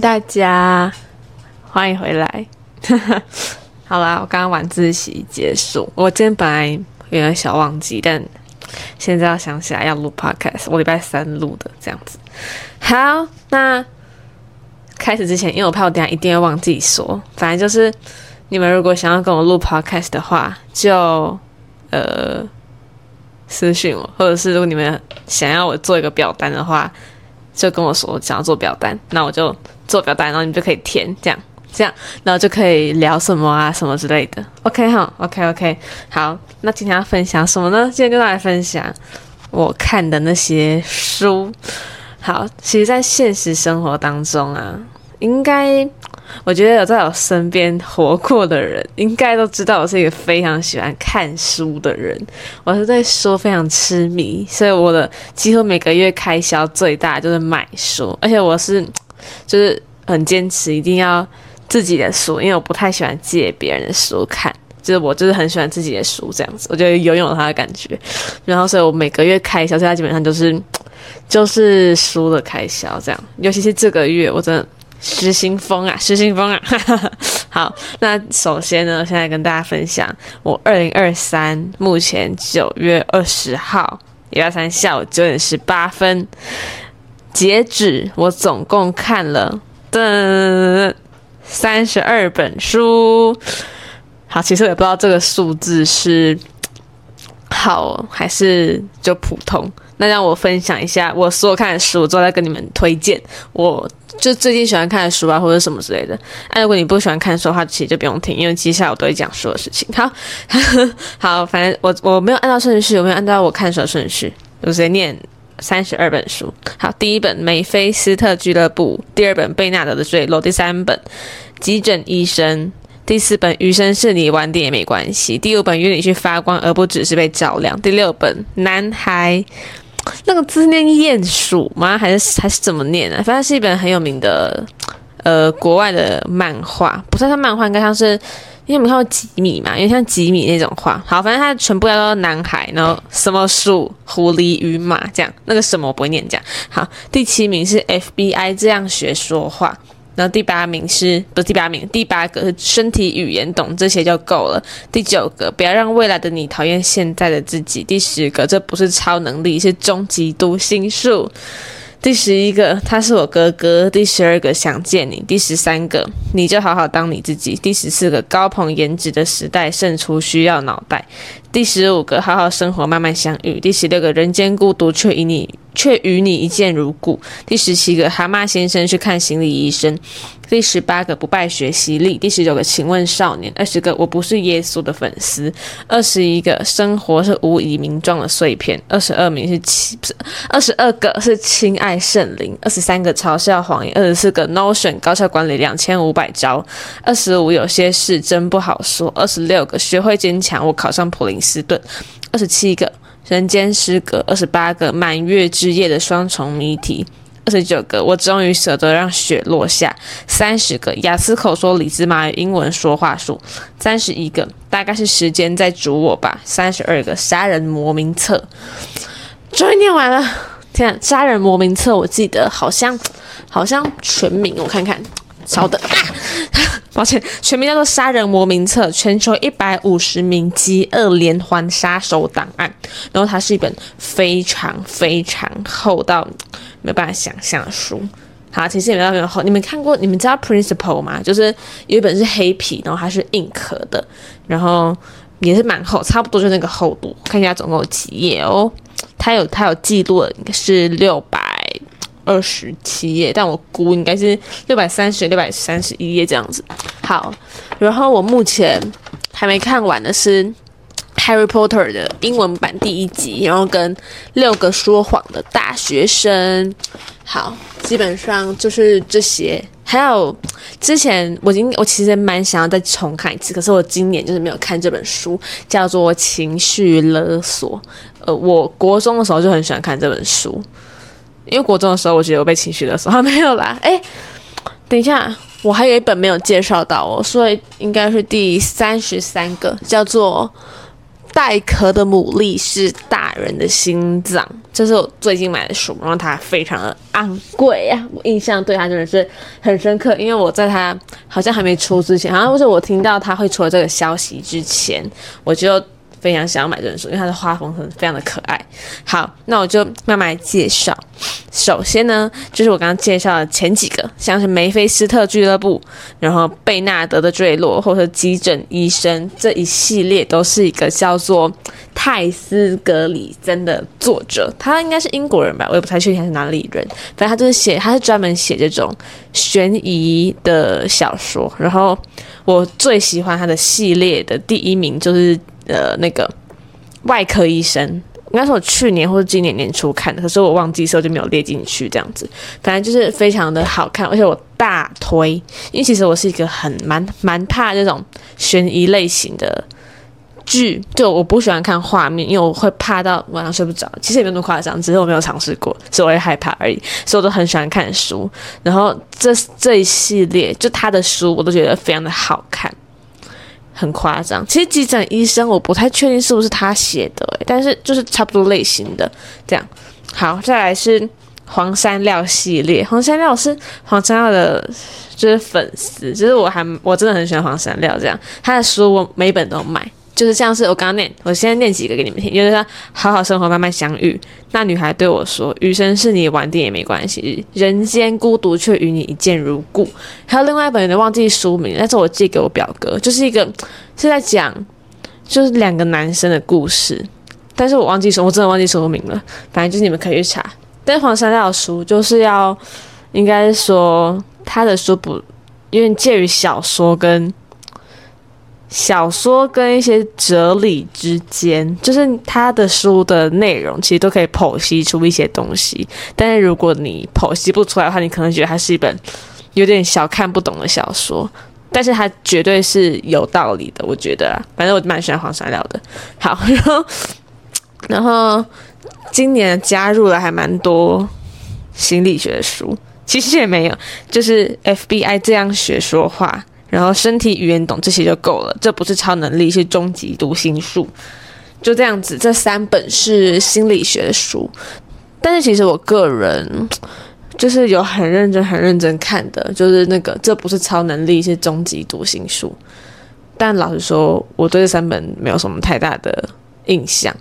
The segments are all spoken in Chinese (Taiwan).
大家歡迎回來。 好啦，我剛剛晚自習結束，我今天本來有點小忘記，但現在要想起來要錄 podcast，我禮拜三錄的這樣子。好，那開始之前，因為我怕我等下一定要忘記說，反正就是你們如果想要跟我錄 podcast 的話，就呃。私訊我，或者是如果你們想要我做一個表單的話，就跟我說，我想要做表單，那我就做表單，然後你們就可以填，這樣這樣，然後就可以聊什麼啊什麼之類的。OK 哈、huh?，OK OK，好，那今天要分享什麼呢？今天跟大家分享我看的那些書。好，其實，在現實生活當中啊，應該。我覺得有在我身邊活過的人，應該都知道我是一個非常喜歡看書的人。我是對書非常痴迷，所以我的幾乎每個月開銷最大就是買書，而且我是就是很堅持一定要自己的書，因為我不太喜歡借別人的書看，就是我就是很喜歡自己的書這樣子，我覺得擁有它的感覺。然後，所以我每個月開銷最大基本上就是就是書的開銷這樣，尤其是這個月我真的。失心瘋啊！失心瘋啊！哈哈哈。好，那首先呢，現在跟大家分享，我二零二三目前九月二十號一二三下午九點十八分，截止我總共看了噔，三十二本書。好，其實我也不知道這個數字是好還是就普通。那讓我分享一下我所有看的書，我都在跟你們推薦，我就最近喜歡看的書啊，或者什麼之類的。那、啊、如果你不喜歡看書的話，其實就不用聽，因為接下來我都會講書的事情。好，呵呵好，反正我我沒有按照順序，我沒有按照我看書的順序，我直接念三十二本書。好，第一本《梅菲斯特俱樂部》，第二本《貝納德的墜落》，第三本《急診醫生》，第四本《餘生是你》，晚點也沒關係。第五本《約你去發光》，而不只是被照亮。第六本《男孩》。那個字念鼴鼠嗎？還是還是怎麼念啊？反正是一本很有名的，呃，國外的漫畫，不算像漫畫，應該像是，因為我們看過幾米嘛，因為像幾米那種畫。好，反正他全部都是男孩，然後什麼鼠、狐狸與馬這樣，那個什麼我不會念這樣。好，第七名是 FBI 這樣學說話。然後第八名是，不是第八名，第八個是身體語言，懂這些就夠了。第九個，不要讓未來的你討厭現在的自己。第十個，這不是超能力，是終極讀心術。第十一個，他是我哥哥。第十二個，想見你。第十三個，你就好好當你自己。第十四個，高朋顏值的時代，勝出需要腦袋。第十五個，好好生活，慢慢相遇。第十六個，人間孤獨卻，卻與你卻與你一見如故。第十七個，蛤蟆先生去看心理醫生。第十八個，不敗學習力。第十九個，請問少年？二十個，我不是耶穌的粉絲。二十一個，生活是無以名狀的碎片。二十二名是親，不是二十二個是親愛聖靈。二十三個嘲笑謊言。二十四個 notion 高效管理兩千五百招。二十五，有些事真不好說。二十六個，學會堅強，我考上普林。斯頓，二十七個人間失格，二十八個滿月之夜的雙重謎題，二十九個我終於舍得讓雪落下，三十個雅思口說李子媽英文說話術，三十一個大概是時間在煮我吧，三十二個殺人魔名冊，終於念完了，天啊，殺人魔名冊我記得好像好像全名我看看。稍等、啊，抱歉，全名叫做《殺人魔名冊：全球一百五十名極惡連環殺手檔案》。然後它是一本非常非常厚到沒有辦法想象的書。好，其實也沒那麼厚。你們看過？你們知道《Principle》嗎？就是有一本是黑皮，然後它是硬殼的，然後也是蠻厚，差不多就那個厚度。看一下總共有幾頁哦。它有它有記錄，應該是六百。二十七頁，但我估應該是六百三十、六百三十一頁這樣子。好，然後我目前還沒看完的是《Harry Potter》的英文版第一集，然後跟《六個說謊的大學生》。好，基本上就是這些。還有之前我已經……我其實蠻想要再重看一次，可是我今年就是沒有看這本書，叫做《情緒勒索》。呃，我國中的時候就很喜歡看這本書。因為國中的時候，我覺得我被情緒勒索，還沒有啦。哎，等一下，我還有一本沒有介紹到哦，所以應該是第三十三個，叫做《帶殼的牡蠣是大人的心臟》，這是我最近買的書，然後它非常的昂貴呀、啊，我印象對它真的是很深刻，因為我在它好像還沒出之前，或是我聽到它會出了這個消息之前，我就。非常想要買這本書，因為它的畫風很非常的可愛。好，那我就慢慢介紹。首先呢，就是我剛剛介紹的前幾個，像是《梅菲斯特俱樂部》，然後《貝納德的墜落》，或者《急診醫生》這一系列，都是一個叫做泰斯格里森的作者。他應該是英國人吧，我也不太確定他是哪裡人。反正他就是寫，他是專門寫這種懸疑的小說。然後我最喜歡他的系列的第一名就是。呃，那個外科醫生，應該是我去年或者今年年初看的，可是我忘記時候就沒有列進去，這樣子。反正就是非常的好看，而且我大推，因為其實我是一個很蠻蠻怕這種懸疑類型的劇，就我不喜歡看畫面，因為我會怕到晚上睡不着。其實也沒有那麼誇張，只是我沒有嘗試過，所以我會害怕而已。所以我都很喜歡看書，然後這這一系列就他的書，我都覺得非常的好看。很誇張，其實急診醫生我不太確定是不是他寫的，欸，但是就是差不多類型的這樣。好，再來是黃山料系列，黃山料是黃山料的，就是粉絲，就是我還我真的很喜歡黃山料這樣，他的書我每本都買。就是像是我剛剛念，我現在念幾個給你們聽，就是說好好生活，慢慢相遇。那女孩對我說：“餘生是你晚點也沒關係，人間孤獨卻與你一見如故。”還有另外一本，有點忘記書名，但是我借給我表哥，就是一個是在講就是兩個男生的故事，但是我忘記說，我真的忘記書名了。反正就是你們可以去查。但是黃山那本書就是要應該說他的書不，因為介於小說跟。小說跟一些哲理之間，就是他的書的內容，其實都可以剖析出一些東西。但是如果你剖析不出來的話，你可能覺得它是一本有點小看不懂的小說。但是它絕對是有道理的，我覺得啊。反正我蠻喜歡黃山料的。好，然後然後今年加入了還蠻多心理學的書，其實也沒有，就是 FBI 這樣學說話。然後身體語言懂這些就夠了，這不是超能力，是終極讀心術。就這樣子，這三本是心理學的書，但是其實我個人就是有很認真、很認真看的，就是那個這不是超能力，是終極讀心術。但老實說，我對這三本沒有什麼太大的印象。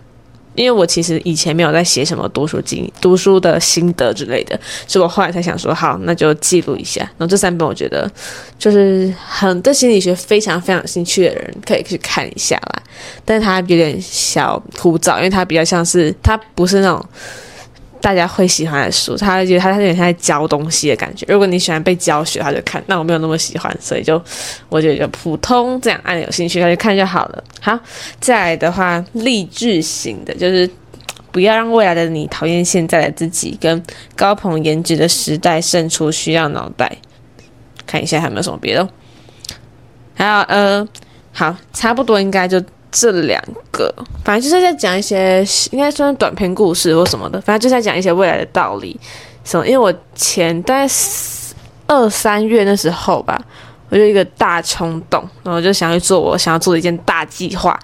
因為我其實以前沒有在寫什麼讀書經、讀書的心得之類的，所以我後來才想說，好，那就記錄一下。然後這三本我覺得，就是很對心理學非常非常有興趣的人可以去看一下啦。但是它有點小枯燥，因為它比較像是，它不是那種。大家會喜歡的書，他覺得他他有點像在教東西的感覺。如果你喜歡被教學，他就看。那我沒有那麼喜歡，所以就我覺得就普通這樣，按有興趣他就看就好了。好，再來的話，勵志型的，就是不要讓未來的你討厭現在的自己。跟高朋顏值的時代，勝出需要腦袋。看一下還有沒有什麼別的，還有呃，好，差不多應該就。這兩個，反正就是在講一些，應該算是短篇故事或什麼的，反正就是在講一些未來的道理什麼。So, 因為我前大概二三月那時候吧，我就一個大衝動，然後我就想要去做我想要做的一件大計劃。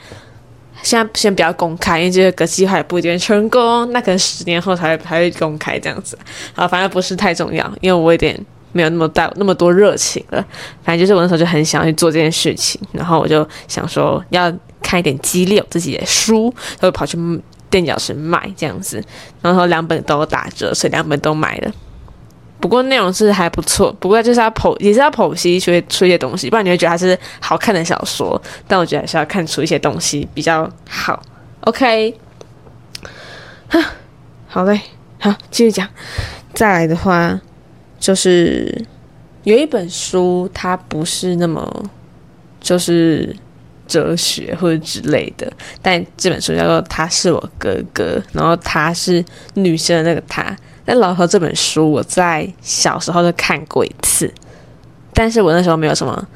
現在先不要公開，因為這個計劃也不一定成功，那可能十年後才才會公開這樣子。然後反正不是太重要，因為我有點沒有那麼大那麼多熱情了。反正就是我那時候就很想去做這件事情，然後我就想說要。看一點激勵自己的書，然後跑去墊腳石買這樣子，然後兩本都打折，所以兩本都買了。不過內容是還不錯，不過就是要剖，也是要剖析出出一些東西，不然你會覺得它是好看的小說。但我覺得還是要看出一些東西比較好。OK，哈，好嘞，好，繼續講。再來的話，就是有一本書，它不是那麼就是。哲學或者之類的，但這本書叫做《他是我哥哥》，然後他是女生的那個他。但老和這本書我在小時候就看過一次，但是我那時候沒有什麼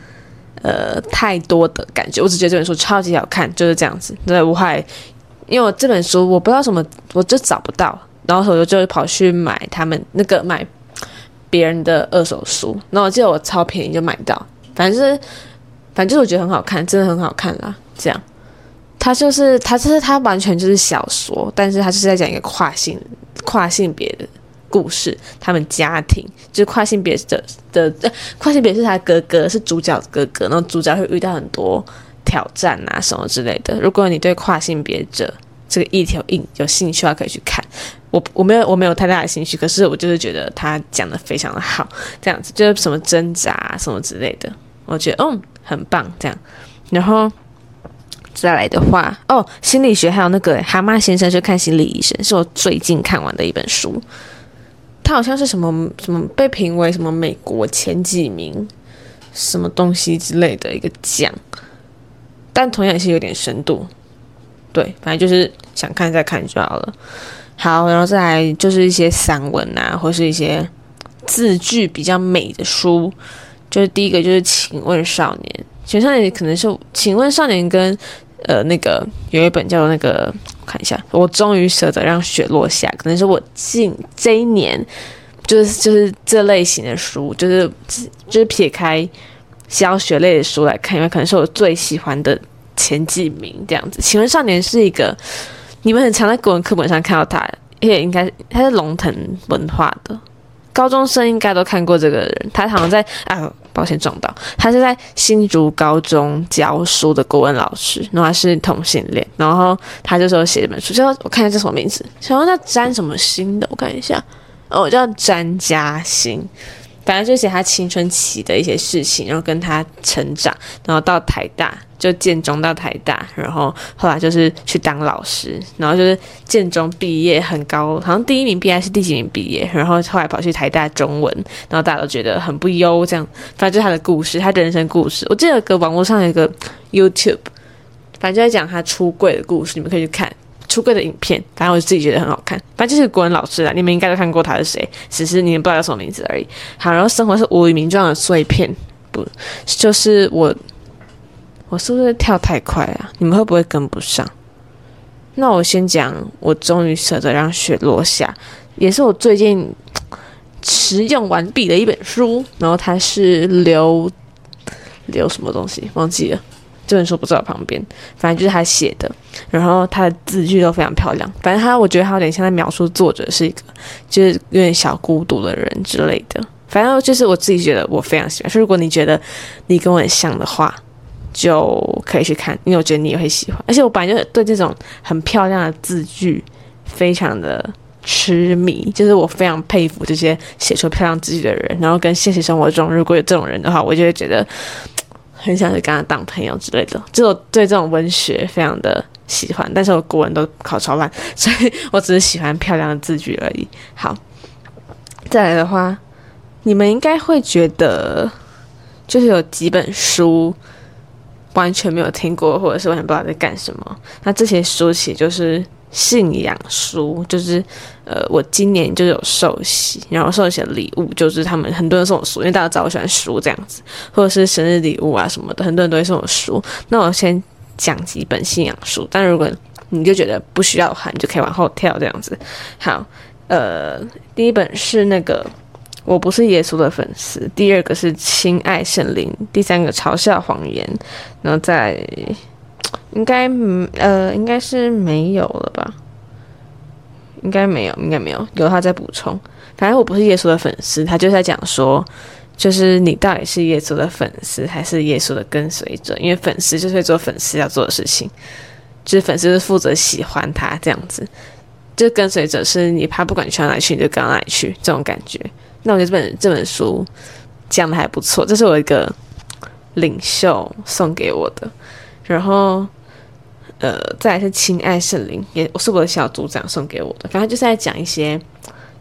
呃太多的感覺，我只覺得這本書超級好看，就是這樣子。對，我還因為我這本書我不知道什麼，我就找不到，然後我就就跑去買他們那個買別人的二手書，那我記得我超便宜就買到，反正是。反正就是我覺得很好看，真的很好看啦。這樣，他就是他，就是他完全就是小說，但是他就是在講一個跨性跨性別的故事。他們家庭就是跨性別的的、啊、跨性別是他哥哥，是主角哥哥。然後主角會遇到很多挑戰啊，什麼之類的。如果你對跨性別者這個一條印有興趣的話，可以去看。我我沒有我沒有太大的興趣，可是我就是覺得他講的非常的好，這樣子就是什麼掙扎、啊、什麼之類的。我覺得嗯、哦、很棒，這樣，然後再來的話，哦，心理學還有那個蛤蟆先生去看心理醫生，是我最近看完的一本書，它好像是什麼什麼被評為什麼美國前幾名，什麼東西之類的一個獎，但同樣也是有點深度，對，反正就是想看再看就好了。好，然後再來就是一些散文啊，或是一些字句比較美的書。就是第一個就是，請問少年，請問少年可能是，請問少年跟，呃，那個有一本叫做那個，我看一下，我終於捨得讓雪落下，可能是我近這一年，就是就是這類型的書，就是就是撇開小說類的書來看，因為可能是我最喜歡的前幾名這樣子。請問少年是一個，你們很常在國文課本上看到他，也應該他是龍騰文化的高中生應該都看過這個人，他好像在啊。抱歉撞到，他是在新竹高中教書的國文老師，那他是同性戀，然後他就說寫一本書，先我看一下這什麼名字，想要叫詹什麼星的，我看一下，哦，我叫詹家興。反正就是寫他青春期的一些事情，然後跟他成長，然後到台大，就建中到台大，然後後來就是去當老師，然後就是建中畢業很高，好像第一名畢業還是第幾名畢業，然後後來跑去台大中文，然後大家都覺得很不優，這樣，反正就是他的故事，他的人生故事。我記得有個網絡上有個 YouTube，反正就在講他出櫃的故事，你們可以去看。出櫃的影片，反正我自己覺得很好看。反正就是國文老師啦，你們應該都看過他是誰，只是你們不知道叫什麼名字而已。好，然後生活是無以名狀的碎片，不，就是我，我是不是跳太快啊？你們會不會跟不上？那我先講，我終於捨得讓雪落下，也是我最近使用完畢的一本書。然後它是留留什麼東西忘記了？這本書不在我旁邊，反正就是他寫的。然後他的字句都非常漂亮，反正他我覺得他有點像在描述作者是一個就是有點小孤獨的人之類的。反正就是我自己覺得我非常喜歡，所以如果你覺得你跟我很像的話，就可以去看，因為我覺得你也會喜歡。而且我本來就對這種很漂亮的字句非常的痴迷，就是我非常佩服這些寫出漂亮字句的人。然後跟現實生活中如果有這種人的話，我就會覺得很想跟他當朋友之類的。就我對這種文學非常的。喜歡，但是我古文都考超爛，所以我只是喜歡漂亮的字句而已。好，再來的話，你們應該會覺得，就是有幾本書完全沒有聽過，或者是完全不知道在幹什麼。那這些書其實就是信仰書，就是呃，我今年就有受洗，然後收一些禮物，就是他們很多人送我書，因為大家知道我喜歡書這樣子，或者是生日禮物啊什麼的，很多人都會送我書。那我先。講幾本信仰書，但如果你就覺得不需要的話，你就可以往後跳這樣子。好，呃，第一本是那個我不是耶穌的粉絲，第二個是親愛聖靈，第三個嘲笑謊言，然後再應該呃應該是沒有了吧，應該沒有，應該沒有，有他在補充。反正我不是耶穌的粉絲，他就在講說。就是你到底是耶穌的粉絲還是耶穌的跟隨者？因為粉絲就是會做粉絲要做的事情，就是粉絲是負責喜歡他這樣子，就是跟隨者是你怕不管你去哪裡去你就跟到哪裡去這種感覺。那我覺得這本這本書講的還不錯，這是我一個領袖送給我的，然後呃，再來是親愛聖靈，也我是我的小組長送給我的，反正就是在講一些。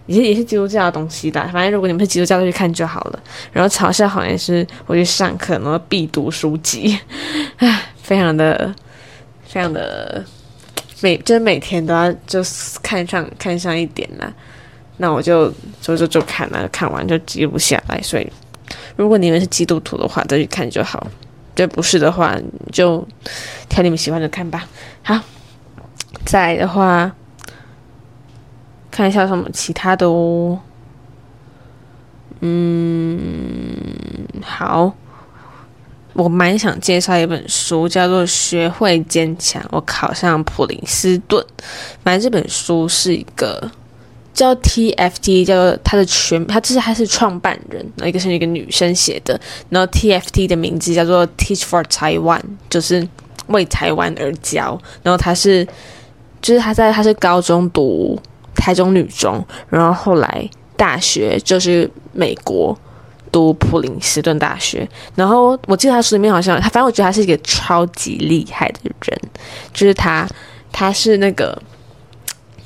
也是也是基督教的東西吧，反正如果你們是基督教，都去看就好了。然後嘲笑好像是我去上課，然後必讀書籍，唉，非常的，非常的，每就是每天都要就看上看上一點啦、啊。那我就就就就看了、啊，看完就記錄下來。所以，如果你們是基督徒的話，就去看就好，這不是的話，就挑你們喜歡的看吧。好，在的話。看一下有什麼其他的哦，嗯，好，我蠻想介紹一本書，叫做《學會堅強》，我考上普林斯頓。反正這本書是一個叫 TFT，叫做他的全，他就是他是創辦人，然後一個是一個女生寫的。然後 TFT 的名字叫做 Teach for Taiwan，就是為台灣而教。然後他是，就是他在他是高中讀。台中女中，然後後來大學就是美國讀普林斯頓大學，然後我記得他書裡面好像他，反正我覺得他是一個超級厲害的人，就是他，他是那個，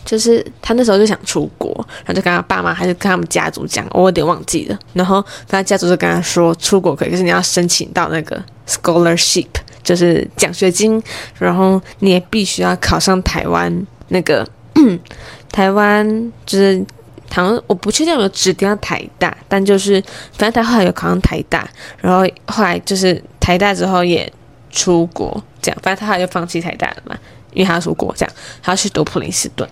就是他那時候就想出國，他就跟他爸媽還是跟他們家族講，我有點忘記了，然後他家族就跟他說出國可以，就是你要申請到那個 scholarship，就是獎學金，然後你也必須要考上台灣那個。嗯台灣就是，好像我不確定有沒有指定要台大，但就是，反正他後來有考上台大，然後後來就是台大之後也出國，這樣，反正他後來就放棄台大了嘛，因為他要出國，這樣，他要去讀普林斯頓，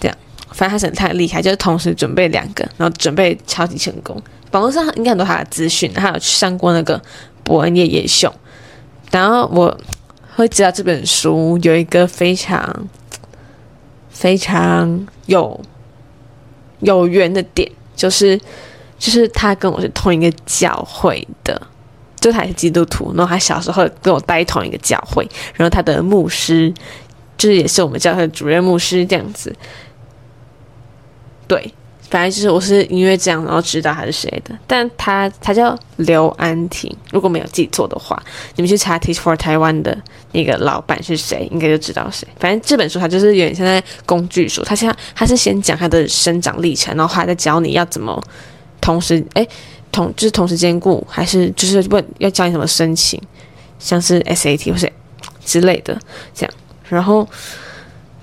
這樣，反正他很厲害，就是同時準備兩個，然後準備超級成功，網絡上應該很多他的資訊，然後他有去上過那個博恩夜夜秀，然後我會知道這本書有一個非常。非常有有緣的點，就是就是他跟我是同一個教會的，就他也是基督徒，然後他小時候跟我待同一個教會，然後他的牧師就是也是我們教會的主任牧師這樣子。對，反正就是我是因為這樣，然後知道他是誰的。但他他叫劉安婷，如果沒有記錯的話，你們去查 Teach For 台灣的，那個老板是誰，應該就知道誰。反正這本書他就是原先在工具書，他在它是先講他的生長歷程，然後還在教你要怎麼同時誒，同就是同時兼顧，還是就是問要教你怎麼申請，像是 SAT 或者之類的這樣。然後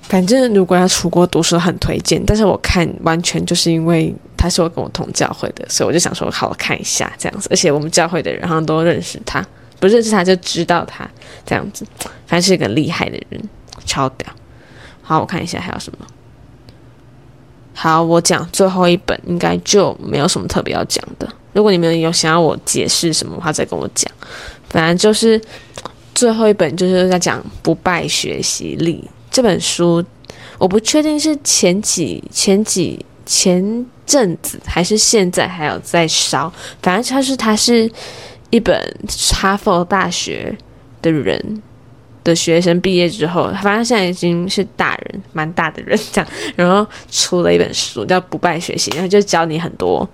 反正如果要出國讀書，很推薦。但是我看完全就是因為他是我跟我同教會的，所以我就想說，好好看一下這樣子。而且我們教會的人好像都認識他。不認識他就知道他這樣子，反正是一個厲害的人，超屌。好，我看一下還有什麼。好，我講最後一本，應該就沒有什麼特別要講的。如果你們有想要我解釋什麼的話，再跟我講。反正就是最後一本就是在講《不敗學習力》這本書，我不確定是前幾前幾前陣子還是現在還有在燒，反正它是它是。一本哈佛大學的人的學生畢業之後，他發現，現在已經是大人，蠻大的人這樣，然後出了一本書叫《不敗學習》，然後就教你很多，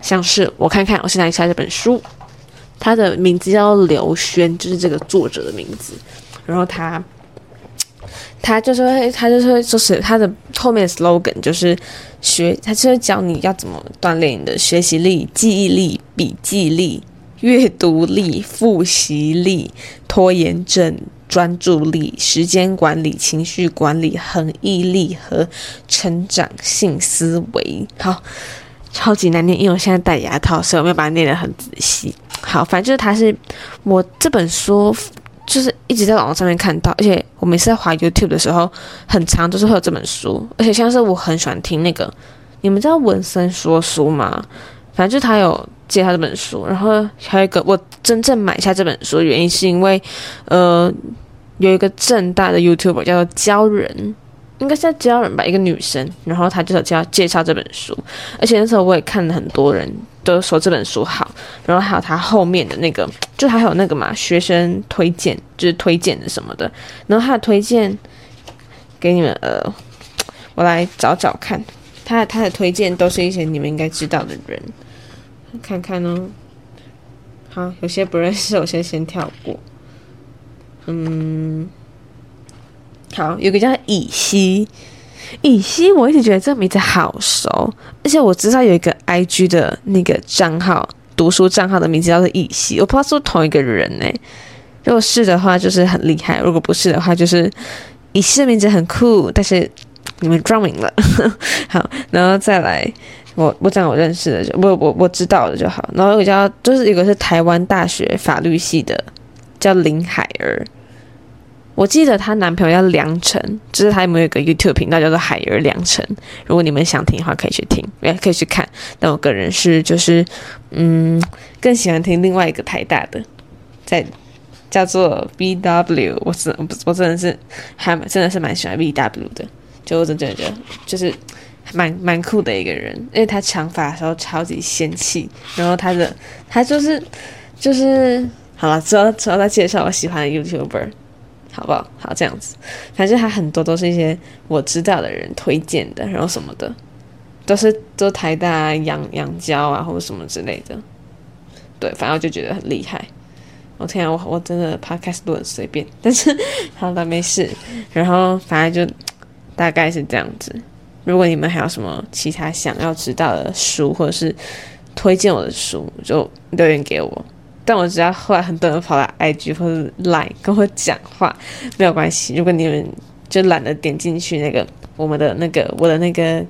像是我看看，我現在拿出來，來這本書，他的名字叫劉軒，就是這個作者的名字。然後他他就是會，他就是會就是他的後面的 slogan 就是學，他就是教你要怎麼鍛鍊你的學習力、記憶力、筆記力。閱讀力、復習力、拖延症、專注力、時間管理、情緒管理、恆毅力和成長性思維。好，超級難念，因為我現在戴牙套，所以我沒有把它念得很仔細。好，反正就是它是我這本書，就是一直在網絡上面看到，而且我每次在滑 YouTube 的時候，很常都是會有這本書，而且像是我很喜歡聽那個，你們知道文森說書嗎？反正就他有介紹這本書，然後還有一個我真正買下這本書的原因是因為，呃，有一個政大的 YouTuber 叫做“教人”，應該是“教人”吧，一個女生，然後她就叫介紹這本書，而且那時候我也看了很多人都說這本書好，然後還有他後面的那個，就還有那個嘛學生推薦，就是推薦的什麼的，然後他的推薦給你們，呃，我來找找看。他的他的推薦都是一些你們應該知道的人，看看哦。好，有些不認識，我先先跳過。嗯，好，有個叫乙西，乙西，我一直覺得這個名字好熟，而且我知道有一個 IG 的那個賬號，讀書賬號的名字叫做乙西，我不知道是不是同一個人欸。如果是的話，就是很厲害；如果不是的話，就是乙西的名字很酷，但是。你們撞名了， 好，然後再來，我我講我認識的，我我我知道的就好。然後我叫，就是一個是台灣大學法律系的，叫林海兒。我記得她男朋友叫梁晨，就是他有沒有一個 YouTube 頻道叫做海兒梁晨。如果你們想聽的話，可以去聽，也可以去看。但我個人是就是，嗯，更喜歡聽另外一個台大的，在叫做 BW。我真我真的是還真的是蠻喜歡 BW 的。就我真覺得就是蠻蠻酷的一個人，因為他長髮的時候超級仙氣，然後他的他就是就是好了，之後之後再介紹我喜歡的 YouTuber，好不好？好，這樣子，反正他很多都是一些我知道的人推薦的，然後什麼的都是都台大楊楊嬌啊或者什麼之類的，對，反正我就覺得很厲害。我、哦、天啊，我我真的 Podcast 都很隨便，但是好吧，沒事，然後反正就。大概是這樣子。如果你們還有什麼其他想要知道的書，或者是推薦我的書，就留言給我。但我知道後來很多人跑到 IG 或者 Line 跟我講話，沒有關係。如果你們就懶得點進去那個我們的那個我的那個、我的那個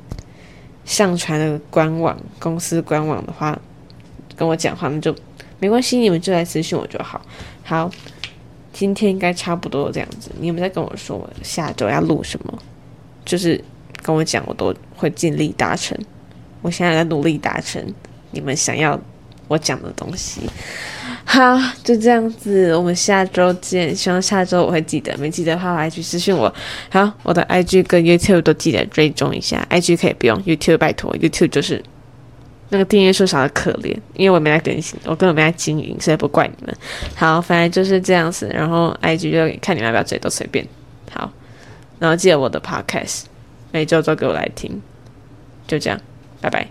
上傳的官網公司官網的話，跟我講話，那就沒關係。你們就來私訊我就好。好，今天應該差不多這樣子。你有沒有在跟我說我下週要錄什麼？就是跟我講，我都會盡力達成。我現在在努力達成你們想要我講的東西。好，就這樣子，我們下周見。希望下周我會記得，沒記得的話，我還去私訊我。好，我的 IG 跟 YouTube 都記得追蹤一下。IG 可以不用，YouTube 拜托。YouTube 就是那個訂閱數少的可憐，因為我沒來更新，我根本沒來經營，所以不怪你們。好，反正就是這樣子。然後 IG 就看你們要不要追，都隨便。好。然後記得我的 podcast 每週都給我來聽，就這樣，拜拜。